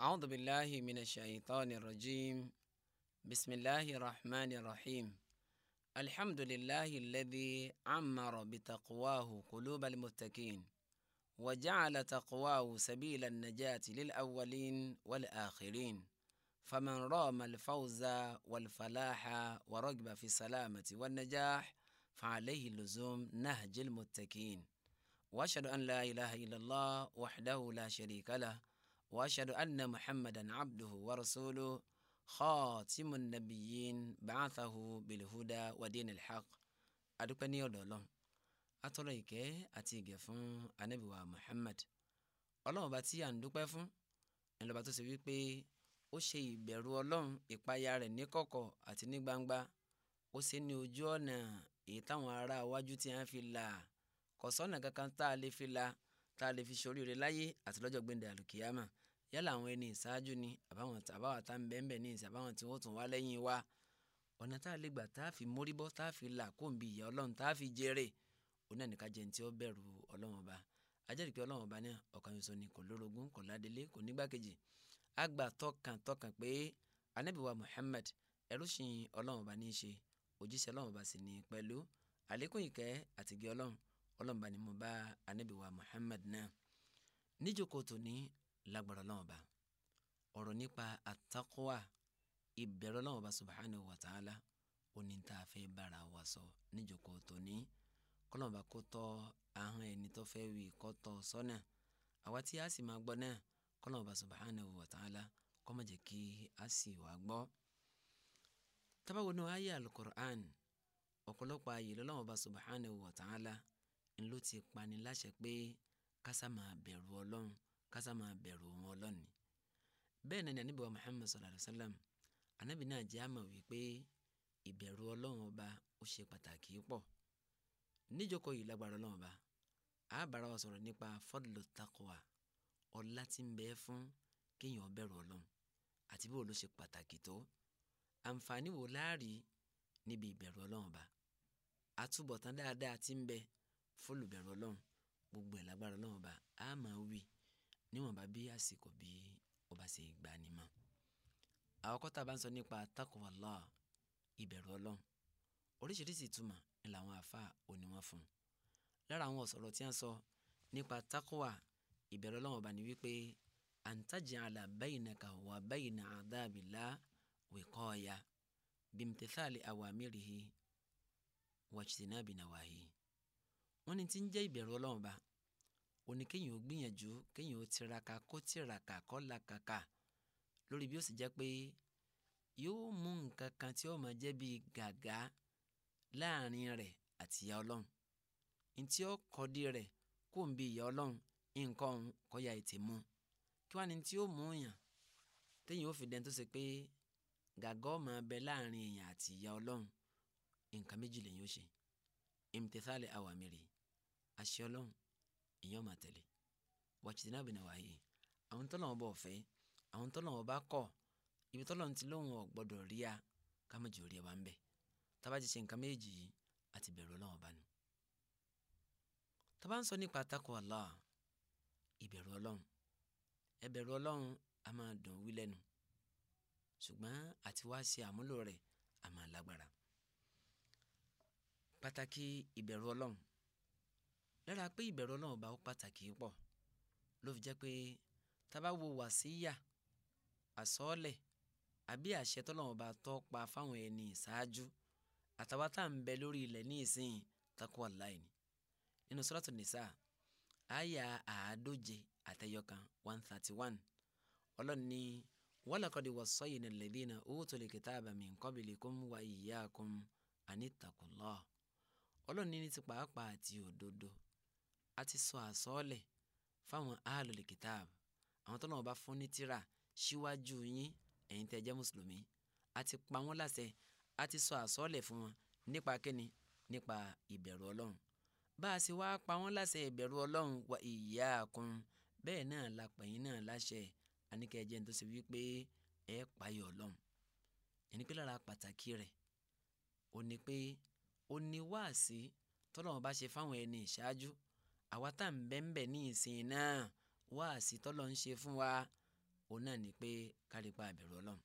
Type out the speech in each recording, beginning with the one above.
أعوذ بالله من الشيطان الرجيم بسم الله الرحمن الرحيم الحمد لله الذي عمر بتقواه قلوب المتقين وجعل تقواه سبيل النجاة للأولين والآخرين فمن رام الفوز والفلاح ورغب في السلامة والنجاح فعليه لزوم نهج المتقين واشهد أن لا إله إلا الله وحده لا شريك له وأشهد أن محمدا عبده ورسوله خاتم النبيين بعثه بالهدى ودين الحق adúpẹ́ ní ọ̀dọ̀ Ọlọ́run atọrọ ìkẹ́ àti ìgẹ̀ fún Ànábì wa Muhammad Ọlọ́run ọba tí à ń dúpẹ́ fún ẹnlọba tó ṣe wípé ó ṣe ìbẹ̀rù Ọlọ́run ìpayà rẹ̀ níkọ̀kọ̀ àti ní gbangba ó ṣe ní ojú ọ̀nà èyí táwọn ará iwájú tí wọ́n fi là kọ̀sọ́nà kankan tá a lè fi là tá a lè fi ṣoríire láyé àti lọ́jọ́ gbẹ̀ndẹ̀ àlùkìyàmà yálà àwọn ẹni ìṣáájú ni àbáwọn àbáwọn tá ń bẹ́ẹ̀ ní ìsìn àbáwọn tí wọ́n tún wá lẹ́yìn wa ọ̀nà tá a lè gbà tá a fi móríbọ́ tá a fi là kó n bí ìyá ọlọ́run tá a fi jèrè oní ẹnìkan jẹ́ ní tí ó bẹ̀rù ọlọ́run ọba ajẹ́rìí pé ọlọ́run ọba náà ọ̀kan ṣoṣo ni kò lórogún kò ládélé kò nígbàkejì a gbà tọkàn tọkàn pé anábìwá Muhammad ẹrúṣin ọlọ́run ọba ní í ṣe lágbára Ọlọ́run Ọba ọ̀rọ̀ nípa àtàkùwà ìbẹ̀rù Ọlọ́run Ọba subhanahu wa ta'ala oní tá a fẹ́ bára wa sọ níjòkó tóní kọ́lọ́run Ọba kó tọ́ ahọ́n ẹni tó fẹ́ wí kó tọ́ sọ́nà àwa tí a sì máa gbọ́ náà kọ́lọ́run Ọba subhanahu wa ta'ala kó má jẹ́ kí a sì wá gbọ́. tábàwọn náà ayé alukur'an ọ̀pọ̀lọpọ̀ ayé lọ́lọ́run Ọba subhanahu wa ta'ala ńlọ ti pani láṣẹ pé kásá bẹ̀rù Ọlọ́run kasa ma bẹ̀rù wọn ọlọ́ni bẹ́ẹ̀ náà ni ànábì wa Muhammad sallallahu alayhi wa sallam ànábì náà jẹ́ àmọ̀ wípé ìbẹ̀rù ọlọ́run ọba ó ṣe pàtàkì pọ̀ níjókòó yìí lágbára ọlọ́run ọba a bára wa sọ̀rọ̀ nípa fadlu taqwa ọlá tí ń bẹ fún kéèyàn bẹ̀rù ọlọ́run àti bí wo ló ṣe pàtàkì tó àǹfààní wo láàrí níbi ìbẹ̀rù ọlọ́run ọba àtúbọ̀tán dáadáa tí ń bẹ fólùbẹ̀rù ọlọ́run gbogbo ẹ̀ lágbára ọlọ́run ọba a máa wí níwọ̀nba bí àsìkò bí ó bá ṣe gbà ní mọ́. àkọ́kọ́ tá a bá ń sọ nípa taqwallah ìbẹ̀rù ọlọ́run oríṣiríṣi ìtumọ̀ ni làwọn àáfàá òní wọn fún un. lára àwọn ọ̀sọ̀rọ̀ tí wọ́n sọ nípa taqwa ìbẹ̀rù ọlọ́run ọba ni wípé an taj'ala baynaka wa bayna adhabillah wiqaya bimtithali awamirihi wajtinabi nawahi. wọ́n ní tí ń jẹ́ ìbẹ̀rù ọlọ́run ọba ó ní kéèyàn ó gbìyànjú kéèyàn ó tiraka kó tiraka kó làkàkà lórí bí ó sì jẹ́ pé yóò mú nǹkan kan tí ó máa jẹ́ bíi gàgá láàrin rẹ̀ àti ìyá ọlọ́run ntí ó kọ́dí rẹ̀ kó ń bi ìyá ọlọ́run nǹkan ọ̀hún kọ́ya ètè mu kí wàá ní tí ó mú yàn téèyàn ó fi dẹ́n tó ṣe pé gàgọ́ máa bẹ láàrin èèyàn àti ìyá ọlọ́run nǹkan méjì lèyìn ó ṣe imtithali awamiri àṣẹ ọlọ́run ìyẹn ọmọ tẹ̀lé wàchìtì náà bìnnà wáyé àwọn tọ́lọ́wọ́n bọ̀ fẹ́ àwọn tọ́lọ́wọ́n bá kọ̀ ibi tọ́lọ́wọ́n ti lóhùn ọ̀ gbọ́dọ̀ rí a kámẹ́jì orí ẹ wá ń bẹ̀ tábà ti ṣe nǹkan méjì yìí àti bẹ̀rù ọlọ́wọ́n bá nu. tábà ń sọ nípa àtakò Allah ìbẹ̀rù ọlọ́run ẹbẹ̀rù ọlọ́run a máa dùn wí lẹ́nu ṣùgbọ́n àti wá ṣe àmúlò rẹ̀ a máa lágbára pàtàkì ìbẹ̀rù ọlọ́run lára pé ìbẹ̀rù Ọlọ́run ọba ó pàtàkì pọ̀ ló fi jẹ́ pé tábà wo wàsíyà àsọ́ọ̀lẹ̀ àbí àṣẹ tọ́lọ́run ọba tó pa fáwọn ẹni ìṣáájú àtàwọn tá à ń bẹ lórí ilẹ̀ ní ìsìn takwa nínú Nisa àyà àádóje one thirty one Ọlọ́run ní Ọlọ́run ní ti pàápàá àti òdodo a ti sọ àsọọ́lẹ̀ fáwọn ahlul kitab àwọn tó náà bá fún ní tírà síwájú yín ẹ̀yin tẹ́ jẹ́ mùsùlùmí a ti pa wọ́n láṣẹ a ti sọ àsọọ́lẹ̀ fún wọn nípa kíni nípa ìbẹ̀rù ọlọ́run bá a sì wá pa wọ́n láṣẹ ìbẹ̀rù ọlọ́run wa iyyakum bẹ́ẹ̀ náà la pẹ̀yìn náà láṣẹ àníkẹ́jẹ́ tó ṣe wípé ẹ payọ̀ ọlọ́run ẹni pé lára pàtàkì rẹ̀ ò ní pé ó ní wáàsí tọ́lọ́run bá ṣe fáwọn ẹni ìṣáájú àwa tá à ń bẹ́ńbẹ́ ní ìsìn náà wá àsìtọ́ lọ́n ṣe fún wa òun náà ni pé kárípa àbẹ̀rù ọlọ́run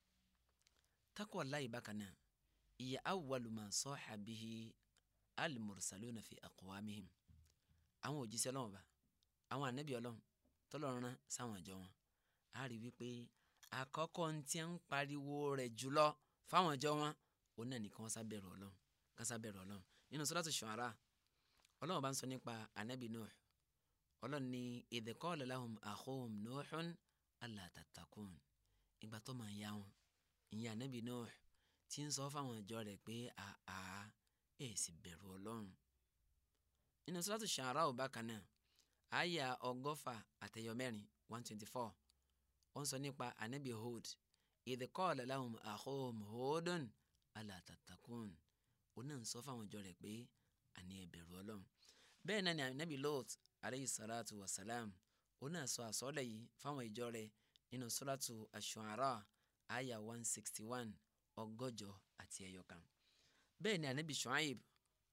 takọ̀ láì bákan náà ìyá awwalu ma sahha bihi al-mursaluna fi aqwamihim àwọn òjíṣẹ́ ọlọ́run ọba àwọn ànábì ọlọ́run tọ́lọ́run rán sáwọn àjọ wọn a rí wípé àkọ́kọ́ ń tiẹ́ ń pariwo rẹ̀ jùlọ fáwọn àjọ wọn òun náà ni kí wọ́n sábẹ̀rù ọlọ́run kí ọlọ́run nínú Suratu Shu'ara ọlọ́run bá ń sọ nípa anabi nuh ọlọ́run ní idh qala lahum akhuhum nuhun alla tattaqun ìgbà tó máa yá wọn ìyẹn anabi nuh tí ń sọ fáwọn ìjọ rẹ̀ pé àá ẹ̀ sì bẹ̀rù ọlọ́run nínú sọ́tù sàárà ò bákan náà àyà ọgọ́fà àtẹ̀yọmẹ́rin one twenty four ó ń sọ nípa anabi Hud idh qala lahum akhuhum Hudun alla tattaqun ó náà ń sọ fáwọn ìjọ rẹ̀ pé àní ẹ̀bẹ̀rù ọlọ́run bẹ́ẹ̀ náà ni anabi lot aleyhi salatu wa salam ó náà sọ àsọ́lẹ̀ yìí fáwọn ìjọ rẹ̀ nínú suratu ash-shu'ara aya one sixty one ọgọ́jọ àti ẹ̀yọkan bẹ́ẹ̀ ni anabi shuaib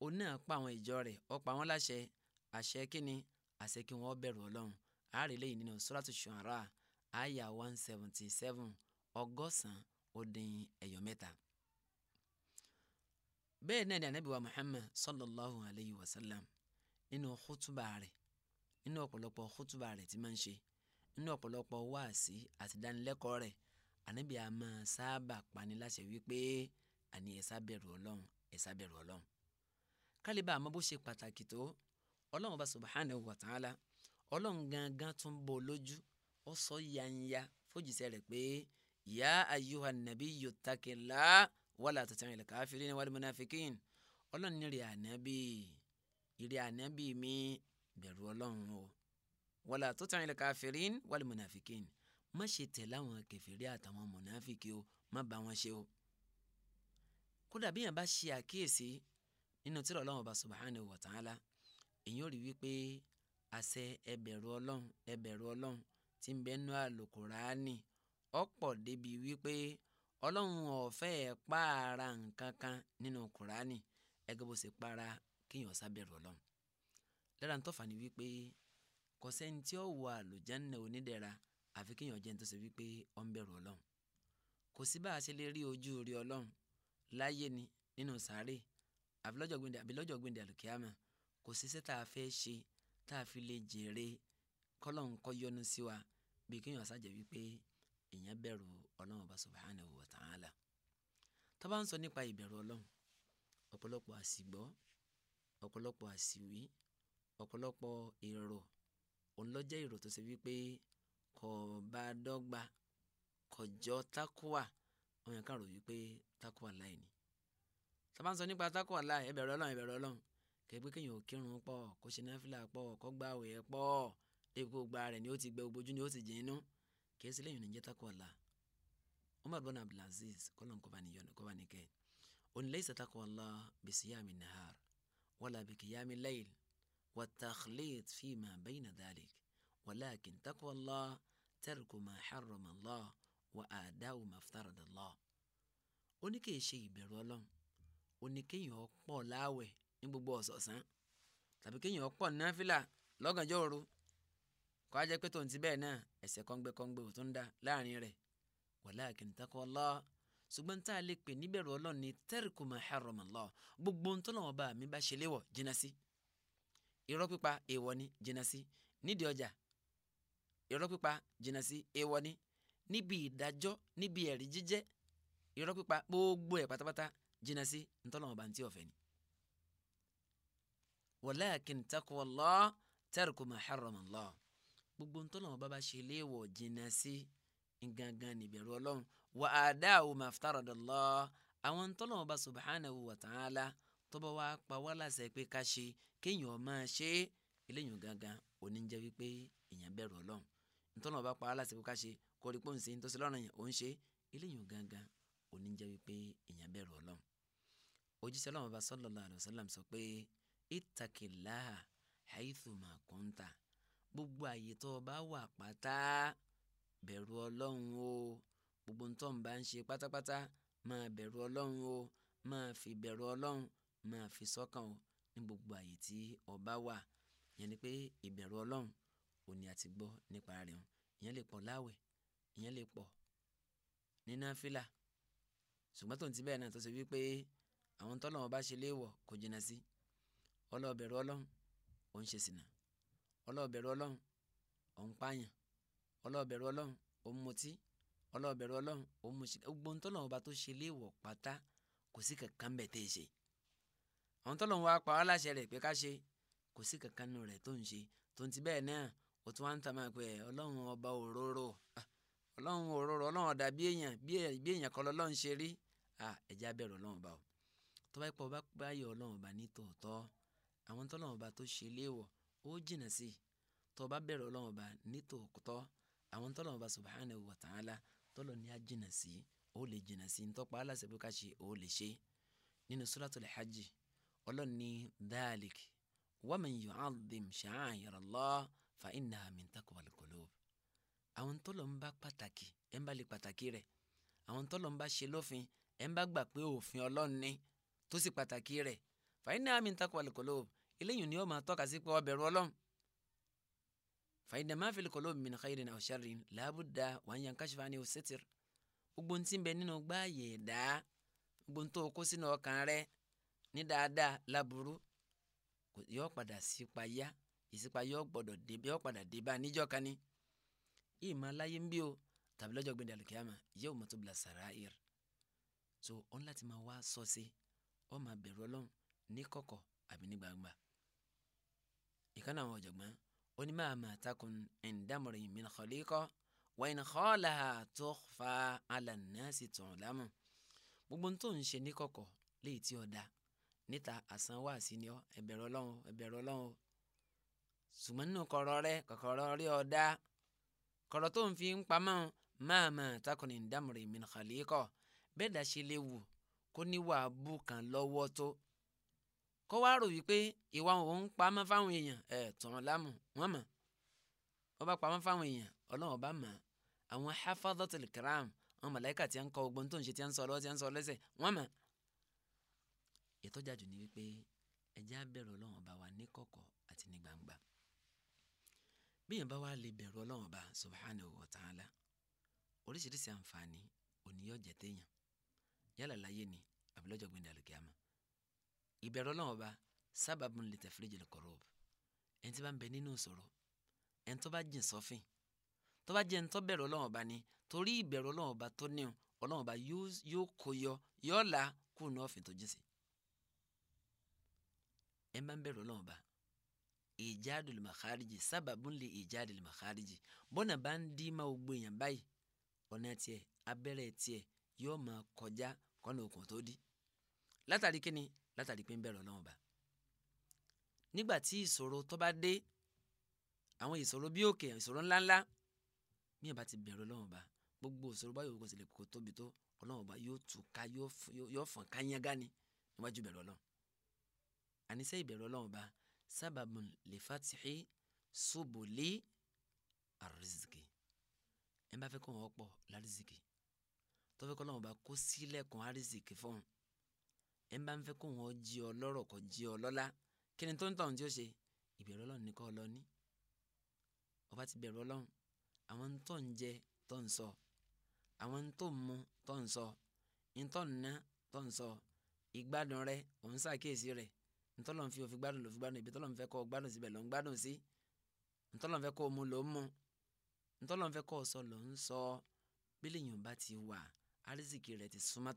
ó náà pa àwọn ìjọ rẹ̀ ó pa wọ́n láṣẹ àṣẹ kínni àṣẹ kí wọ́n bẹ̀rù ọlọ́run àárẹ̀ lẹ́yìn nínú suratu ash-shu'ara aya one seventy seven ọgọ́sàn-án ó dín ẹ̀yọ mẹ́ta bẹ́ẹ̀ náà ni anabi wa muhammad sallallahu alayhi wa sallam nínú khutuba rẹ̀ nínú ọ̀pọ̀lọpọ̀ khutuba rẹ̀ tí máa ń ṣe nínú ọ̀pọ̀lọpọ̀ wáàsí àti dánilẹ́kọ̀ọ́ rẹ̀ anabi a máa sábà pani láṣẹ wípé àní ẹ bẹ̀rù ọlọ́run ẹ bẹ̀rù ọlọ́run kálíbà àmọ́ bó ṣe pàtàkì tó ọlọ́run ọba subhanahu wa ta'ala ọlọ́run gangan tún wala tuti'il kafirin wal munafiqin ọlọ́run ní rí ànábì ìrí ànábì mi bẹ̀rù ọlọ́run o wala tuti'il kafirin wal munafiqin má ṣe tẹ̀lé àwọn kèfèrí àtàwọn mùnàfíkì o má bá wọn ṣe o kódà bí yàn bá ṣe àkíyèsí nínú tírà ọlọ́run ọba subhanahu wa ta'ala èyàn ò rí wípé àṣẹ ẹ ọlọ́run ẹ ọlọ́run tí ń bẹ nú àlùkùránì ọ̀pọ̀ débi wípé ọlọ́run ọ̀fẹ́ ẹ̀ pààrà nǹkan kan nínú kùránì ẹgbẹ́ bó ṣe para kéèyàn sábẹ̀rù ọlọ́run lára ń tọ́fà ni wípé kò sẹ́ni tí ó wọ àlùjánnà onídẹ̀ra àfi kéèyàn jẹ́ ní tó ṣe wípé ó bẹ̀rù ọlọ́run kò sí bá a ṣe lè rí ojú rí ọlọ́run láyé ni nínú sàárè àbí lọ́jọ́ gbìndé àbí lọ́jọ́ gbìndé àlùkìyàmà kò sí iṣẹ́ tá a fẹ́ ṣe tá a fi lè jèrè kọ́lọ́n kọ́ sí wa bí kéèyàn ṣàjẹ́ wípé èèyàn bẹ̀rù ọlọ́run ọba subhanahu wa ta'ala tá bá ń sọ nípa ìbẹ̀rù ọlọ́run ọ̀pọ̀lọpọ̀ àsìgbọ́ ọ̀pọ̀lọpọ̀ àsìwí ọ̀pọ̀lọpọ̀ èrò òun ló jẹ́ èrò tó ṣe wípé kò bá dọ́gba kò jọ tákùwà wọn yàn kàn rò wípé tákùwà láì ní tá bá ń sọ nípa tákùwà láì ẹ ọlọ́run ẹ ọlọ́run kẹgbẹ́ kéèyàn ò pọ̀ kó ṣe náfìlà pọ̀ kó gbà àwẹ̀ pọ̀ dépò gba rẹ̀ ni ó ti gbẹ ojú ni ó ti jẹ́ inú kì í yìí ní jẹ́ tákùwà láì Umar bin Abdulaziz kọ́lọ́n kọ́ba ni yọ̀nù kọ́ba ni kẹ́ òní laysa taqwallah bisiyami nahar wala bikiyami layl wa takhlit fima bayna dhalik walakin taqwallah tarku ma harrama Allah wa adau ma aftarada Allah. ó ní kì í ṣe ìbẹ̀rù ọlọ́run ó ní kéèyàn pọ̀ gbogbo ọ̀sọ̀ọ̀sán tàbí kéèyàn pọ̀ náfìlà lọ́gànjọ́ òru kó a jẹ́ pé tòun ti bẹ́ẹ̀ náà ẹ̀ṣẹ̀ kọ́ngbẹ́kọ́ngbẹ́ ò tún dá láàrin walakin taqwa Allah ṣùgbọ́n tá a lè pè níbẹ̀rù Ọlọ́run ni tẹ́rìkù ma harrama Allah gbogbo ntọ́lọ́wọ́n bá mi bá ṣe léwọ̀ jìnnà sí irọ́ pípa èèwọ̀ ni jìnnà sí nídìí ọjà irọ́ pípa jìnnà sí èèwọ̀ ni níbi ìdájọ́ níbi ẹ̀rí jíjẹ́ irọ́ pípa gbogbo ẹ̀ pátápátá jìnnà sí ntọ́lọ́wọ́n bá ń tí ọ̀fẹ́ ni. walakin taqwa Allah tẹ́rìkù ma harrama Allah gbogbo ntọ́lọ́wọ́n bá bá ṣe léwọ̀ jìnnà sí ngangan níbẹ̀rù ọlọ́run wà á dá àwọn mafitaradàlọ́ àwọn tọ́lọ́wọ́n bá subhanahu wa ta'ala tọ́bọ̀ wá pa wá láṣẹ pé ká ṣe kéèyàn máa ṣe eléyìí gangan oníjẹ́ wípé èèyàn bẹ̀rù ọlọ́run ntọ́lọ́wọ́n bá pa wá láṣẹ pé ká ṣe kórè pọ́n ṣe ntọ́sí lọ́rùn yẹn ò ń ṣe eléyìí gangan oníjẹ́ wípé èèyàn bẹ̀rù ọlọ́run òjíṣẹ́ ọlọ́run bá sallallahu alaihi wasallam sọ pé ittaqillaha kunta gbogbo àyè tó o bẹ̀rù ọlọ́run o gbogbo ǹ tó ń bá ń ṣe pátápátá máa bẹ̀rù ọlọ́run o máa fi bẹ̀rù ọlọ́run máa fi sọ́kàn o ní gbogbo àyè tí o bá wà ìyẹn ni pé ìbẹ̀rù ọlọ́run ò ní àti gbọ́ nípa rẹ̀ o ìyẹn lè pọ̀ láwẹ̀ ìyẹn lè pọ̀ ní náfìlà ṣùgbọ́n tó ń ti bẹ́ẹ̀ náà tó ṣe wípé àwọn tọ́lọ́run bá ṣe léèwọ̀ kò jìnnà sí ọlọ́ọ̀bẹ̀rù ọlọ́run ò ń ṣe sìnà ọlọ́ọ̀bẹ̀rù ọlọ́run ò ń pààyàn ọlọ́ọ̀bẹ̀rù ọlọ́run ó ń mutí ọlọ́ọ̀bẹ̀rù ọlọ́run ó ń mutí gbogbo ntọ́lọ́run ọba tó ṣe léèwọ̀ pátá kò sí kankan bẹ̀ tẹ́ ẹ ṣe àwọn tọ́lọ́run wa pa aláṣẹ rẹ̀ pé ká ṣe kò sí kankan nù rẹ̀ tó ń ṣe tó ń ti bẹ́ẹ̀ náà ó tún wá ń tàmá pé ọlọ́run ọba òróró ah, ọlọ́run òróró ọlọ́run ọ̀dà bí èèyàn bí èèyàn kọ́ lọ́lọ́run ṣe rí ah, ẹ̀já bẹ̀rù ọlọ́run ọba o tó bá pọ̀ bá yọ ọlọ́run ọba ní tòótọ́ àwọn tọ́lọ́run ọba tó ṣe léèwọ̀ ó jìnnà sí tó bá bẹ̀rù ọlọ́run ọba ní tòótọ́ àwọn tọ́lọ̀ ọba subhanahu wa ta'ala tọ́lọ̀ ní a jìnà sí ó lè jìnà sí ntọ́pọ̀ aláṣẹ bí ká ṣe ó lè ṣe nínú suratul hajj ọlọ́run ní dhalik wa man yu'azzim sha'air Allah fa innaha min taqwal qulub àwọn tọ́lọ̀ ń bá pàtàkì ẹ̀ ń bá lè pàtàkì rẹ̀ àwọn tọ́lọ̀ ń bá ṣe lófin ẹ̀ ń bá gbà pé òfin ọlọ́run ní tó sì pàtàkì rẹ̀ fa innaha min taqwal qulub eléyìí ni ó máa tọ́ka sí pé ó ọlọ́run fàyídà máa fil qulub min khairin aw sharrin làbúdà wà ń yan káṣífà ni òsètìr gbogbo ntí bẹ nínú gbáàyè dá gbogbo ntó kó ni ọkàn rẹ ní dáadáa láburú yóò padà sípayá ìsípayá gbọ́dọ̀ dé yóò padà dé bá níjọ́ kan ní. ìmọ̀ aláyé ń bí o tàbí lọ́jọ́ gbẹ̀dẹ̀ àlùkìyàmà yóò mọ̀ tó bila sàráìr so ọ̀n láti máa wá sọ sí ọ máa bẹ̀rù ọlọ́run ní kọ̀kọ̀ àbí gbangba ìkànnì àwọn ọ̀jọ̀gbọ́n oní màmá takùn ẹ̀ńdàmọ̀rẹ̀ min khaliqa wa in khalaha tukhfa ala nnasi tu'lamu gbogbo ń tó ń ṣe níkọ̀kọ̀ léyìí tí ó da níta àsán wà sí ni ọ ẹ̀bẹ̀rẹ̀ ọlọ́run ẹ̀bẹ̀rẹ̀ ọlọ́run ṣùgbọ́n nínú kọ̀rọ̀ rẹ kọ̀kọ̀rọ̀ rí ọ dá kọ̀rọ̀ tó ń fi ń pamọ́ màmá takùn ẹ̀ńdàmọ̀rẹ̀ min khaliqa bẹ́ẹ̀ dá ṣe léwu kó níwà bù kan lọ́wọ́ tó kó wá rò wípé ìwà òun pamọ́ fáwọn èèyàn ẹ̀ tọ̀rọ̀ lámù wọ́n mọ̀ wọ́n bá pamọ́ fáwọn èèyàn ọlọ́run bá mọ̀ àwọn hafadhatul kiram àwọn màláìkà tí a ń kọ ogbon tó ń ṣe tí a ń sọ ọlọ́wọ́ tí a ń sọ ọlẹ́sẹ̀ wọ́n mọ̀ ìtọ́jà jù ní wípé ẹjẹ́ á bẹ̀rù ọlọ́run ọba wa ní kọ̀kọ̀ àti ní gbangba bíyàn bá wà lè bẹ̀rù ọlọ́run ọba subhanahu wa ta'ala oríṣiríṣi àǹfààní òníyànjẹ téèyàn yálà láyé ni àbí lọ́jọ́ gbẹ̀ndẹ̀ àlùkìyàmá ìbẹ̀rù ọlọ́run ọba sábàbù ń lè tẹ̀fìlẹ́jì lọ́kọ̀rọ̀ ẹni tí bá ń bẹ nínú ìṣòro ẹni tó bá jìn sọ́fìn tó bá jẹ́ ẹni tó bẹ̀rù ọlọ́run ọba ni torí ìbẹ̀rù ọlọ́run ọba tó ní ọlọ́run ọba yóò kó yọ yóò la kú ní ọ̀fìn tó jìn sí. ẹ máa ń bẹ̀rù ọlọ́run ọba ìjádùl màkàríjì sábàbù ń lè ìjádùl màkàríjì bọ́nà bá ń dí máa gbó èèyàn báyìí ọ̀nà tiẹ̀ abẹ́rẹ́ tiẹ̀ yóò máa kọjá kọ́nà òkun tó dí látàrí kíni látàrí pé ń bẹ̀rù ọlọ́run bá nígbà tí ìṣòro tó bá dé àwọn ìṣòro bí òkè ìṣòro ńláńlá bí ẹ bá ti bẹ̀rù ọlọ́run bá gbogbo ìṣòro báyìí kò sì lè kó tóbi tó ọlọ́run bá yóò tù ká yóò fọ̀n ká yángá ni níwájú bẹ̀rù ọlọ́run àníṣe ìbẹ̀rù ọlọ́run bá sábàbùn lè fàtìhí ṣubùlé àrísìkì ẹ bá fẹ́ kọ́ wọn pọ̀ lárísìkì tó fẹ́ kọ́ ọlọ́run bá kó sílẹ̀kùn àrísìkì fún un ẹ bá ń fẹ́ kó wọn jí ọ lọ́rọ̀ kó jí ọ lọ́lá kí ni tó ń tọ̀hún tí ó ṣe ìbẹ̀rù ọlọ́run ní kọ́ ọ lọ ní ọba ti bẹ̀rù ọlọ́run àwọn ń tó ń jẹ tó ń sọ àwọn ń tó ń mu tó ń sọ ń tó ń ná tó ń sọ ìgbádùn rẹ òun ṣàkíyèsí rẹ ntọ́lọ́n fi òfin gbádùn ló gbádùn ibi tọ́lọ́n fẹ́ kọ́ gbádùn síbẹ̀ ló gbádùn sí ntọ́lọ́n fẹ́ kọ́ mu ló mu ntọ́lọ́n fẹ́ kọ́ sọ ló sọ bílíyìn bá ti wà árísìkì rẹ ti súnmọ́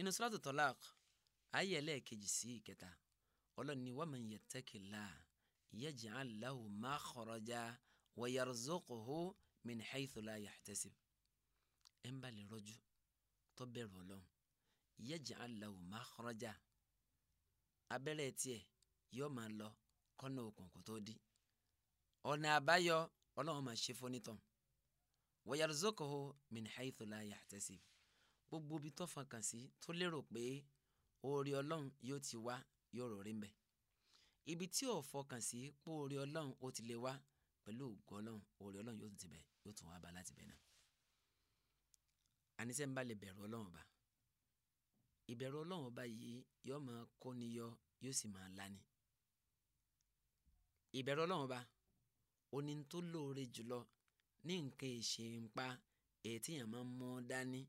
inú suratu Talaq ayé ẹlẹ́ẹ̀kejì sí ìkẹta ọlọ́run ní waman yattaqillah yaj'al lahu makhraja wa yarzuqhu min haythu la yahtasib ẹ̀ ń bá lè rọ́jú tó bẹ̀rù ọlọ́run yaj'al lahu makhraja abẹ́rẹ́ tiẹ̀ yóò máa lọ kọ́nà òkùnkùn tó di ọ̀nà àbáyọ ọlọ́run máa ṣe fónítàn wa yarzuqhu min haythu la yahtasib gbogbo ibi tó fọkàn sí tó lérò pé oore ọlọ́run yóò ti wá yóò rọrí mbẹ ibi tí ò fọkàn sí pé oore ọlọ́run ó ti lè wá pẹ̀lú ògùn ọlọ́run oore ọlọ́run yóò ti bẹ̀ yóò tún wá bá láti bẹ̀ náà àníṣe ń bá lè bẹ̀rù ọlọ́run ọba ìbẹ̀rù ọlọ́run ọba yìí yóò máa kóni yọ yóò sì máa lani ìbẹ̀rù ọlọ́run ọba oní tó lóore jùlọ ní nǹkan ìṣe ń pa èyí tí yàn máa mú dání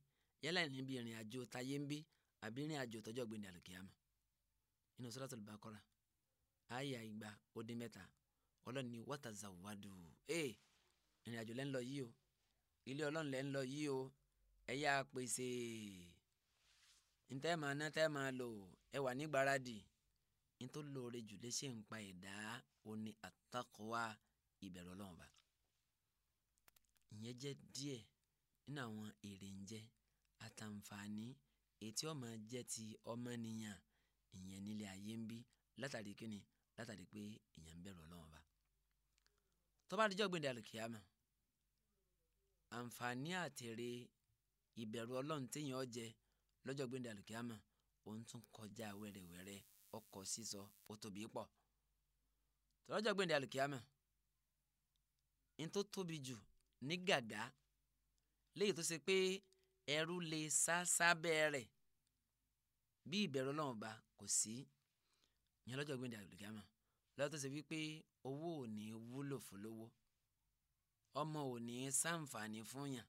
yálà níbi ìrìn àjò tayé ń bí àbí ìrìn àjò tọjọ́ gbẹ̀ndẹ̀ àlùkìyàmù inú Suratul Baqara àyà ìgbà ó dín mẹ́ta ọlọ́ni watazawwadu ẹ̀ ìrìn àjò lẹ́ ń lọ yìí o ilé ọlọ́run lẹ́ ń lọ yìí o ẹ yá pèsè ntẹ́ máa lò ẹ wà ní gbáradì ntó lóore jù léṣe ń pa ẹ̀dá oní àtàkùwá ìbẹ̀rù ọlọ́run bá ìyẹn jẹ́ díẹ̀ nínú àwọn èrè ń jẹ́ àtàǹfààní ètí ọmọ jẹ́ ti ọmọnìyàn ìyẹn nílé ayé ń bí látàrí kíni látàrí pé èèyàn ń bẹ̀rù Ọlọ́run Ọba tó bá dijọ́ gbẹ̀dẹ̀ àǹfààní àtèrè ìbẹ̀rù Ọlọ́run téèyàn jẹ lọ́jọ́ gbẹ̀dẹ̀ àlùkìyàmà òun tún kọjá wẹ́rẹ́wẹ́rẹ́ ọkọ̀ sísọ ó tóbi pọ̀ tọ́jọ́ gbẹ̀dẹ̀ àlùkìyàmà ní tó tóbi jù ní léyìí tó ṣe pé ẹrú lè sá sábẹ́ rẹ̀ bí ìbẹ̀rù Ọlọ́run bá kò sí ìyẹn lọ́jọ́ gbẹ̀dẹ̀ àlùkìyámà lọ́tọ́ ṣe wípé owó ò ní wúlò fólówó ọmọ ò ní sàǹfààní fún yàn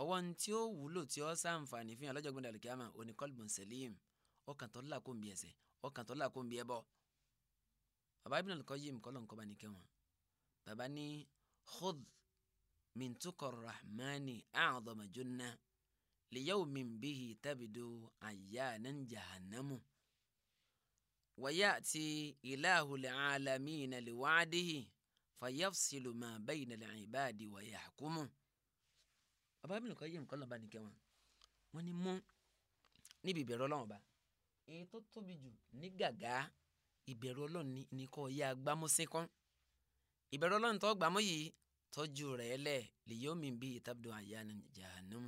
ọwọ́ ní tí ó wúlò tí ó sàǹfààní fún yàn lọ́jọ́ gbẹ̀dẹ̀ àlùkìyámà òní kọ́lbùn sẹ́lẹ̀m ọkàn tó là kóńbi ẹ̀ṣẹ̀ ọkàn tó là kóńbi ẹbọ bàbá Ibn al-Qayyim kọ́ lọ́nkọ́ bá ní kẹ́wọ̀n bàbá ní khudh min rahmani a'dhama liyawmin bihi tabdu ayyanan jahannamu wayati ilahul alamina liwadihi fayafsilu ma bayna al-ibadi wa yahkumu. bàbá mi nìkan yé nǹkan lọ́ba nìkẹ́ wọn wọ́n ní mú níbi ìbẹ̀rù ọlọ́run ọba èyí tó tóbi jù ní gàgá ìbẹ̀rù ọlọ́run ní kò yá gbámúsí kan ìbẹ̀rù ọlọ́run tó gbámú yìí tọ́jú rẹ̀ lẹ̀ lèyí ó mi bí ìtàbùdó àyà jahannam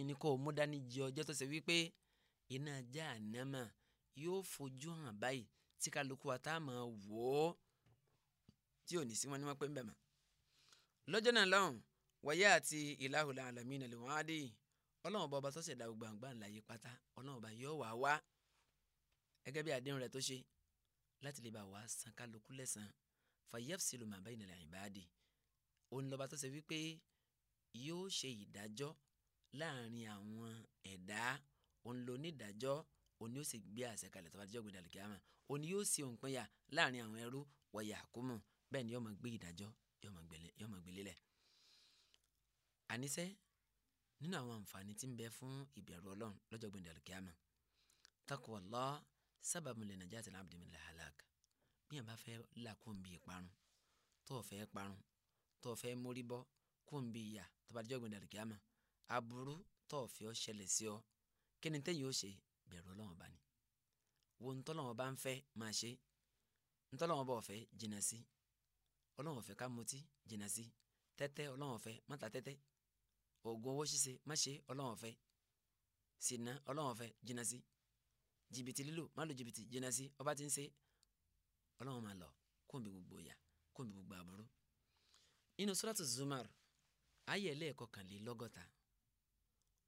ìníkọ́ mú dání jẹ ọjọ́ tó ṣe wípé iná Jahannama yóò fojú hàn báyìí tí kálukú wa tá a máa wò ó tí ò ní sí wọn ní wọn pé ń bẹ̀ mọ́. lọ́jọ́ náà lọ́hùn wáyé àti ìlàhùlà àlàmì ìnàlẹ̀ wọn á dé ọlọ́run bá ọba tó ṣẹ̀dá gbàngbà ńláyé pátá ọlọ́run bá yóò wá wá gẹ́gẹ́ bí àdéhùn rẹ̀ tó ṣe láti lè bá wá san kálukú lẹ́sàn fàyẹ́fsìlùmọ̀ àbáyìnàlẹ̀ àyìnbáàdì òun lọ́ba tó ṣe wípé yóò ṣe ìdájọ́ láàrin àwọn ẹ̀dá òun ló ní ìdájọ́ òun ni ó sì gbé àṣẹ kalẹ̀ tó bá jẹ́ ògbìn dàlùkì àmọ́ òun ni yóò ṣe òun pínyà láàrin àwọn ẹrú wọ̀yà àkómù bẹ́ẹ̀ ni yóò máa gbé ìdájọ́ yóò máa gbélé lẹ̀. àníṣe nínú àwọn àǹfààní tí ń bẹ fún ìbẹ̀rù ọlọ́run lọ́jọ́ ògbìn dàlùkì àmọ́ taqwallah sababun li najatil abdi minal halak bí yàn bá fẹ́ là kó ń bi ìparun tó o fẹ́ parun tó o fẹ́ mórí bọ́ kó ìyà tó bá jẹ́ ògbìn dàlùkì aburú tó fi ọ́ ṣẹlẹ̀ sí ọ kí ni tẹ́yìn ó ṣe bẹ̀rù ọlọ́wọ́n bá ní wo ntọ́lọ́wọ́n bá ń fẹ́ máa ṣe ntọ́lọ́wọ́n bá ọ̀fẹ́ jìnnà sí ọlọ́wọ́n fẹ́ ká mutí jìnnà sí tẹ́tẹ́ ọlọ́wọ́n fẹ́ má ta tẹ́tẹ́ oògùn owó ṣíṣe má ṣe ọlọ́wọ́n fẹ́ ṣìnà ọlọ́wọ́n fẹ́ jìnnà sí jìbìtì lílò má lo jìbìtì jìnnà sí ọba ti ń ṣe ọlọ́wọ́n máa lọ kóńbi gbogbo yà kóńbi gbogbo àbúrú nínú suratu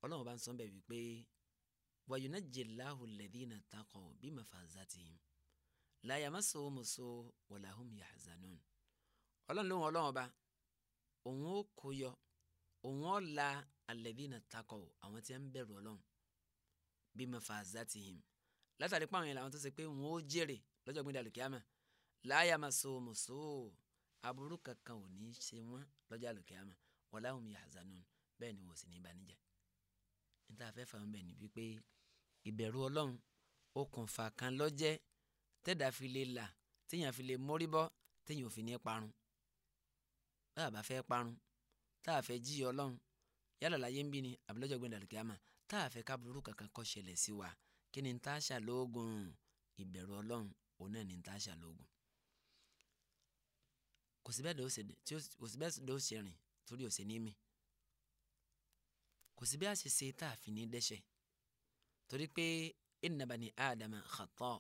ọlọ́run bá ń sọ bẹ́ẹ̀ wípé wàyúná jìláhù lẹ́dínà takọ̀ bí màfàzà ti láyàmá sòwòmùsò wàláhùn yàhazanun ọlọ́run lóhùn ọlọ́run ọba òun ó kó òun ó la alẹ́dínà takọ̀ àwọn tí wọ́n bẹ̀rù ọlọ́run bí màfàzà ti hìm látàrí pàwọn ìlànà tó ṣe pé òun ó jèrè lọ́jọ́ gbẹ́dẹ́ àlùkìyàmà láyàmá sòwòmùsò aburú kankan ò ní í ṣe wọ́n lọ́jọ́ àlùkìyàmà wàláhùn yàhazanun bẹ́ẹ̀ ni wọ́n sì ní ìbànújẹ́ níta fẹ́ fà ń bẹ̀ níbi pé ìbẹ̀rù ọlọ́run okùnfà kan lọ́jẹ́ tẹ́dà fi lè là téèyàn fi lè mórí bọ́ téèyàn ò fi ní parun bá a bá fẹ́ parun tá a fẹ́ jí ọlọ́run yálà láyé ń bí ni àbílọ́jọ́ gbẹ̀dẹ̀ àlùkìyàmà tá a fẹ́ káburú kankan kó ṣẹlẹ̀ sí wa kí ni tá ṣàlóògùn ìbẹ̀rù ọlọ́run òun náà ni tá ṣàlóògùn kò sí ló ṣe rìn torí ò ṣe ní mí kò sí bí a ṣe ṣe tá a fi ní dẹ́ṣẹ̀ torí pé inna bani adama khata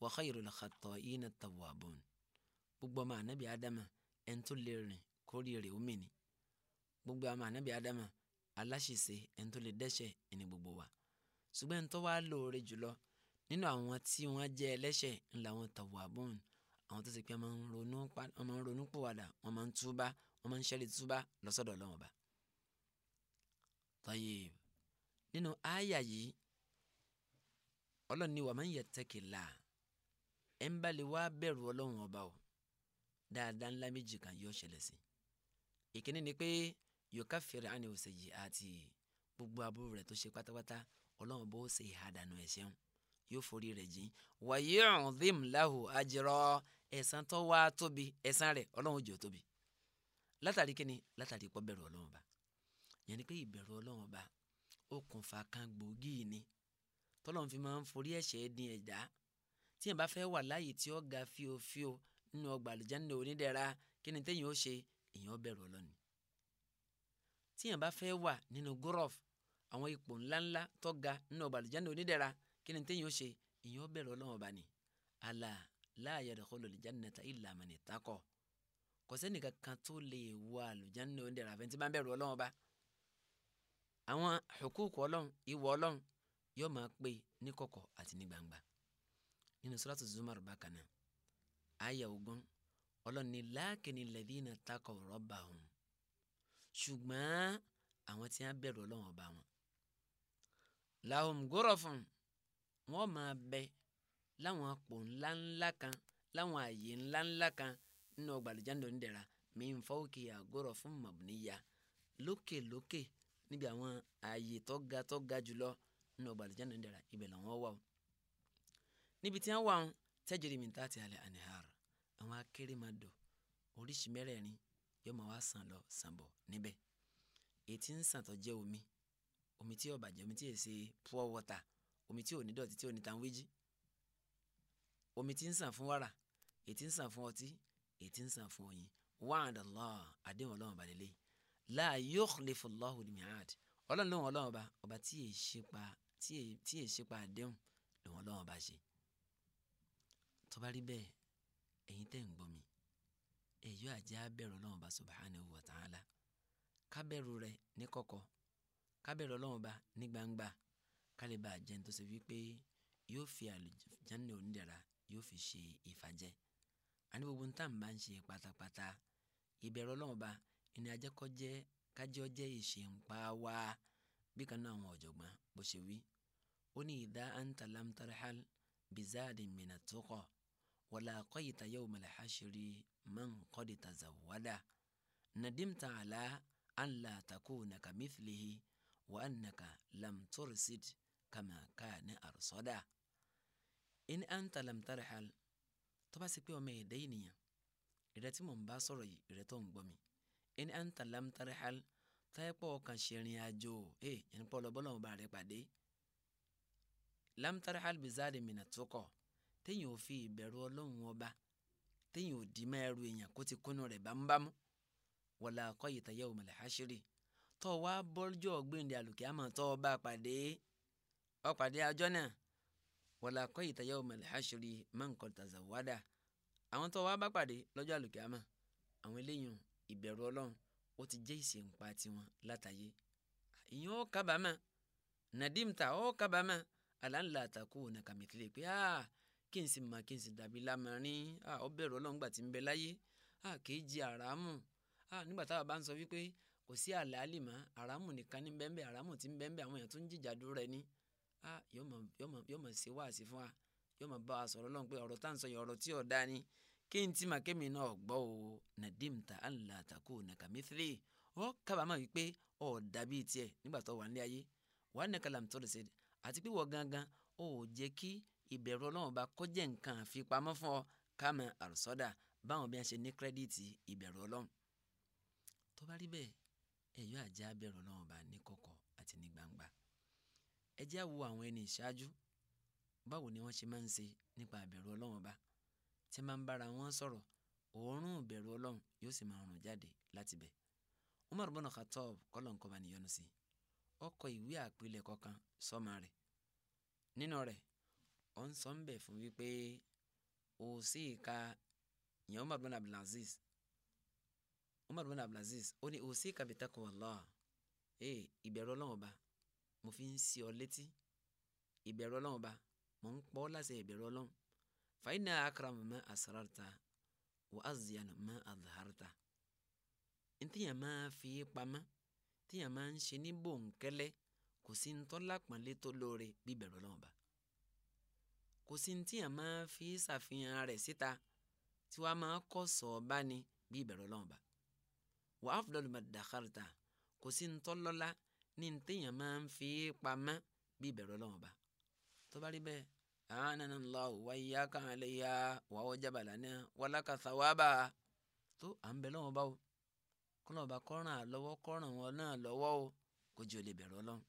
wa khayrul khatta'ina tawwabun gbogbo ọmọ anabi adama ẹni tó lè rìn kórìí rẹ̀ ó mìíní gbogbo ọmọ anabi adama aláṣìṣe ẹni lè dẹ́ṣẹ̀ ẹni gbogbo wa ṣùgbọ́n ẹni tó lóore jùlọ nínú àwọn tí wọ́n jẹ́ ẹlẹ́ṣẹ̀ ńlá wọn tawwabun àwọn tó ti pẹ́ máa ń ronú pàdà wọ́n máa ń túbá wọ́n máa ń ṣẹ́rí túbá lọ́sọ̀dọ̀ Ọlọ́run Ọba Tayib, nínú àyà yìí ọlọ́run ní wa man yattaqillah ẹ̀ ń bá lè wá bẹ̀rù ọlọ́run ọba o dáadáa ńlá méjì kan yóò ṣẹlẹ̀ sí i ìkíní ni pé yukaffiru anhu sayyi'ati gbogbo aburú rẹ̀ tó ṣe pátápátá ọlọ́run bó ṣe ìhàdànù ẹ̀ṣẹ̀ ń yóò forí rẹ̀ jìn wa yu'dhim lahu ajra ẹ̀san tó wá tóbi ẹ̀san rẹ̀ ọlọ́run jò tóbi látàrí kíni látàrí pọ́ bẹ̀rù ọlọ́run ọba yẹn ni pé ìbẹ̀rù ọlọ́run ọba okùnfà kan gbòógì ni tọ́lọ́run fi máa ń forí ẹ̀ṣẹ̀ dín ẹ̀dá tí yẹn bá fẹ́ wà láàyè tí ó ga fíofío nínú ọgbà àlùjáde onídẹ̀ra kí ni téèyàn ó ṣe èèyàn bẹ̀rù ọlọ́ni tí yẹn bá fẹ́ wà nínú gúrọ̀f àwọn ipò ńláńlá tó ga nínú ọgbà àlùjáde onídẹ̀ra kí ni téèyàn ó ṣe èèyàn bẹ̀rù ọlọ́run ọba ni àlà la yadkhulu al-jannata illa man ittaqa kò sẹ́nìkan kan tó lè àwọn hukuku ọlọ́run ìwọ ọlọ́run yóò máa pè ní kọ̀kọ̀ àti ní gbangba nínú suratu zumar bákan náà àyà ogún ọlọ́run ní lákìní lẹ́dínà takọ̀ rọ́bà ọ̀hún ṣùgbọ́n àwọn tí wọ́n bẹ̀rù ọlọ́run ọba wọn. làwọn gòròfún wọn máa bẹ láwọn àpò ńláńlá kan láwọn àyè ńláńlá kan nínú ọgbà àlùjáde mi ń fọ́ òkè àgòròfún mọ̀bùníyà lókè lókè níbi àwọn ààyè tó ga tó ga jùlọ nínú ọgbà àlùjánnà dára ibẹ̀ làwọn wà o níbi tí wọ́n wà ń tẹ́jìrì mi ta ti àlẹ́ àníhàr àwọn akérèmọdò oríṣi mẹ́rẹ̀ẹ̀rin yóò máa wá sàn lọ sàn bọ̀ níbẹ̀ ètí ń sàn tó jẹ́ omi omi tí ò bàjẹ́ omi tí yẹ ṣe water omi tí ò ní dọ̀tí tí ò ní tanwéjì omi tí ń sàn fún wàrà ètí ń sàn fún ọtí ètí ń sàn fún oyin wàhálà àdéhùn ọlọ́run balẹ̀ lẹ́yìn la yukhlifu Allahu al-mi'ad ọlọ́run lóhùn ọlọ́run ọba ọba tí èè ṣe pa tí èè ṣe pa àdéhùn lóhùn ọlọ́run ọba ṣe tó bá rí bẹ́ẹ̀ ẹ̀yin tẹ́ ń gbọ́ mi ẹ̀yọ́ àjẹ́ abẹ́rù ọlọ́run ọba subhanahu wa ta'ala kábẹ́rù rẹ̀ ní kọ̀kọ̀ kábẹ́rù ọlọ́run ọba ní gbangba kálíbà àjẹ́ tó ṣe wípé yóò fi àlùjánnà onídàra yóò fi ṣe ìfàjẹ́ àní gbogbo ń tà bá ń ṣe pátápátá ìbẹ̀rù ọlọ́run ọba ìní ajẹ́kọ́jẹ́ kájọ́ jẹ́ ìṣèǹpa wa bí kan náà àwọn ọ̀jọ̀gbọ́n bó ṣe wí. ó ní ìdá anta lam tarhal bizaadi mina tuqa wala qayta yawma al-hashri man qad tazawwada nadimta ala an la takuna kamithlihi wa annaka lam tursid kama kana arsada in anta lam tarhal tó bá sì pé ọmọ ẹ̀dá ènìyàn ìrẹ́ mò ń bá sọ̀rọ̀ yìí ìrẹ́ ń gbọ́ mi ẹni à ń tà lámútarí hal táyẹ̀pọ̀ kan ṣe ìrìn àjò ẹ̀ eh, yẹn pọ̀ lọ́bọ́ náà bá rẹ̀ pàdé lámútarí hal bizaari mìíràn tó kọ̀ téèyàn ò fi ìbẹ̀rù ọlọ́run ọba téèyàn ò dì máa ru èèyàn kó ti kúnnú rẹ̀ bámúbámú wọlé akọ́yè tàyẹ̀ òmìnira hásírì tó wá bọ́jọ́ gbẹ̀ǹdẹ̀ àlùkí àmọ́ tó bá pàdé ọ pàdé àjọ náà wọlé akọ́yè tàyẹ̀ òmìnira hásírì máa ń tàzàwádà àwọn tó wá bá pàdé lọ́jọ́ àlùkí àmọ́ àwọn eléyìí ìbẹ̀rù ọlọ́run ó ti jẹ́ ìṣèǹpa tiwọn látàyé ìyẹn ó kábàámà nàdímta ó kábàámà aláǹlà àtàkù nàkàmìtìlẹ̀ pé ah kí n sì mà kí n sì dàbí lámàrin ah ó bẹ̀rù ọlọ́run gbà tí ń bẹ láyé ah kì jẹ àràámù ah nígbà táwa bá ń sọ wípé kò sí àlàálì mọ́ àràámù nìkan ní bẹ́ẹ̀ àràámù tí ń bẹ́ẹ̀ àwọn èèyàn tó ń jìjàdó rẹ ni ah yóò mọ̀ ṣe wáàsí fún wa yóò mọ̀ bá wa sọ̀rọ̀ lọ́n pé kí n ti màá kémi náà gbọ́ o nadim ta ala tako nakamithili ọ kábàámà wípé ọ dàbí tiẹ̀ nígbà tó wà ní ayé wà ní kàlàm tó lè ṣe àti pé wọ gangan ó jẹ́ kí ìbẹ̀rù ọlọ́run bá kọjá nǹkan àfipamọ́ fún ọ káàmà àròsọ́dà báwọn bí a ṣe ní kírẹ́díìtì ìbẹ̀rù ọlọ́run tó bá rí bẹ́ẹ̀ ẹ̀yọ́ àjẹ́ abẹ̀rù ọlọ́run bá ní kọ̀kọ̀ àti ní gbangba ẹ jẹ́ àwọn ẹni ìṣáájú báwo ni wọ́n ṣe máa ń ṣe nípa ìbẹ̀rù ọlọ́run bá tí máa ń bára wọn sọ̀rọ̀ òórùn ìbẹ̀rù ọlọ́run yóò sì máa rùn jáde láti bẹ̀. Umar bin Khattab kọ́lọ̀ nǹkan bá níyọnu sí i ó kọ ìwé àpilẹ̀kọ kan sọ́mà rẹ̀ nínú rẹ̀ ó ń sọ ń bẹ̀ fún wípé òsì ka ìyẹn Umar bin Abdulaziz Umar bin Abdulaziz ó ní òsì ka bi taqwallah ee ìbẹ̀rù ọlọ́run ọba mo fi ń sí ọ létí ìbẹ̀rù ọlọ́run ọba mo ń pọ́ láṣẹ ìbẹ̀rù ọlọ́run fàyínà akrama ma asrarta wà azyana ma azharta ntìyàn máa fi pamọ́ tìyàn máa ń ṣe ní bòńkẹ́lẹ́ kò sí ntọ́lá pọ̀nlé tó lóore bíbẹ̀rù ọlọ́ọ̀bà kò sí ntìyàn máa fi ṣàfihàn rẹ̀ síta tí wàá máa kọ́ sọ̀ọ́bá ni bíbẹ̀rù ọlọ́ọ̀bà wà afdal ma dakharta kò sí ntọ́lọ́lá ní ntìyàn máa ń fi pamọ́ bíbẹ̀rù ọlọ́ọ̀bà tó bá rí bẹ́ẹ̀ àánánà ńlá òwá yíyá kan lè ya wà ó jábà lánàá wọlá ka sàwábà tó à ń bẹ lọ́wọ́ báwo kọ́nà ọba kọ́ràn àlọ́wọ́ kọ́ràn wọn náà lọ́wọ́ o kò jẹ́ olè bẹ̀rẹ̀ ọlọ́run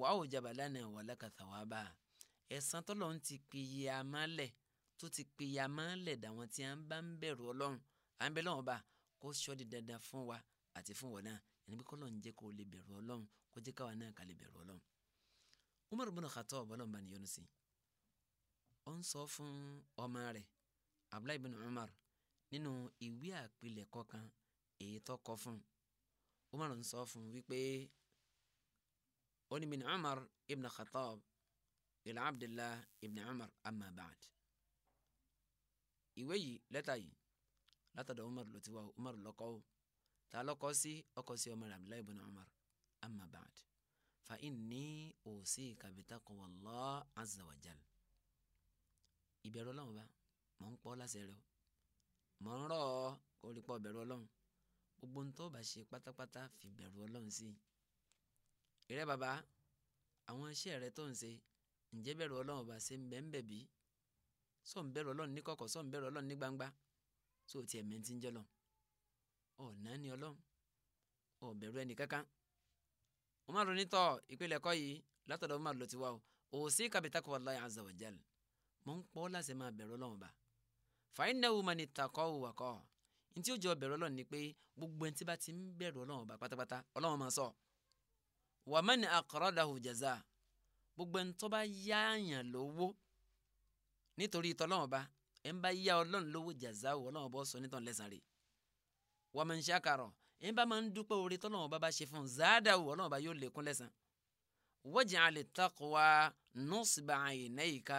wà ó jábà lánàá wọlá ka sàwábà ẹ̀san tọ́lọ́ ń ti pèyè àmàlẹ̀ tó ti pèyà máa ń lẹ̀dà wọn tí a ń bá ń bẹ̀rù ọlọ́run à ń bẹ lọ́wọ́ bá fún wa àti fún wọn náà ẹni bí kọ́lọ́n jẹ́ kó lè bẹ̀rù ọlọ́run kó jẹ́ káwa náà ká lè bẹ̀rù ọlọ́run. Umar bin Khattab ọ̀bọ̀lọ́n bá ní yọ́nú sí i ó ń sọ fún ọmọ rẹ̀ Abdullahi bin Umar nínú ìwé àpilẹ̀kọ kan èyí tó kọ fún Umar ń sọ fún wípé ó ní bin Umar ibn Khattab ila Abdullah ibn Umar amma ba'd ìwé yìí lẹ́tà yìí látọ̀dọ̀ Umar ló ti wá Umar lọ́kọ́ o ta lọ́kọ́ sí ọkọ̀ sí ọmọ rẹ̀ Abdullahi bin Umar amma ba'd fa inni usika bi taqwa Allah ìbẹ̀rù ọlọ́run bá mò ń pọ́ láṣẹ rẹ o mò ń rọ̀ ọ́ kó rí pọ́ bẹ̀rù ọlọ́run gbogbo ń tó bá ṣe pátápátá fi bẹ̀rù ọlọ́run sí i ìrẹ́ bàbá àwọn iṣẹ́ rẹ tó ń ṣe ǹjẹ́ bẹ̀rù ọlọ́run bá ṣe ń bẹ̀ ń bẹ̀ bí sọ̀ ń bẹ̀rù ọlọ́run ní kọ̀kọ̀ sọ̀ ń bẹ̀rù ọlọ́run ní gbangba sóò tiẹ̀ mẹ́ntì ń jẹ́ lọ́n ọ̀nà ni ọlọ́run ọ̀bẹ̀rù ẹnì kankan Umaru nítọ̀ ìpìlẹ̀ ẹ̀kọ́ yìí látọ̀dọ̀ Umaru ló ti wá o òsì mọ̀ ń pọ́ láṣẹ máa bẹ̀rù ọlọ́run bá fàáyínnáwó máa ní takọ́ wàkọ́ ntí ó jọ bẹ̀rù ọlọ́run ni pé gbogbo ẹni tí bá ti ń bẹ̀rù ọlọ́run bá pátápátá ọlọ́run máa sọ wà mẹ́ni aqradahu jaza gbogbo ẹni tó bá yá àyàn lówó nítorí tọ́lọ́run bá ẹ̀ ń bá yá ọlọ́run lówó jaza wò ọlọ́run bọ́ sọ nítorí lẹ́sàn rẹ̀ wà mẹ́ni ṣàkàrọ̀ ẹ̀ ń bá máa ń dúpẹ́ orí tọ́lọ́run bá bá ṣe fún zaada wò ọlọ́run bá yóò lékún lẹ́sàn waj'al taqwa nusba aynayka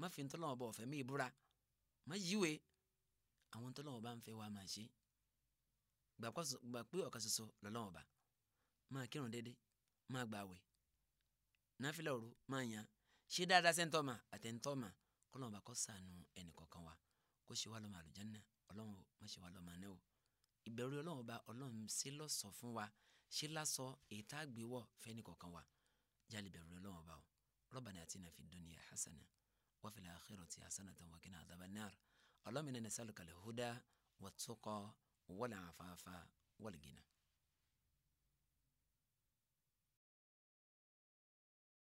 má fi ntọ́lọ́wọ́ bá ọ̀fẹ́ mi ìbúra má yíwe àwọn ntọ́lọ́wọ́ bá ń fẹ́ wá máa ṣe gbà pé ọ̀kan ṣoṣo lọ́lọ́wọ́ bá máa kírun déédéé máa gbààwẹ̀ náfìlà òru máa yàn ṣe dáadáa sẹ́ńtọ́mà àtẹ̀ńtọ́mà kọ́lọ́wọ́ bá kó ṣàánú ẹnì kọ̀ọ̀kan wa kó ṣe wá lọ́mọ àlùjánnà ọlọ́run má ṣe wá lọ́mọ àná o ìbẹ̀rù ọlọ́run bá ọlọ́run ṣe lọ́sọ̀ fún wa ṣe lásọ èyí وفي الآخرة حسنة وقنا عذاب النار اللهم إنا نسألك الهدى والتقى والعفاف والغنى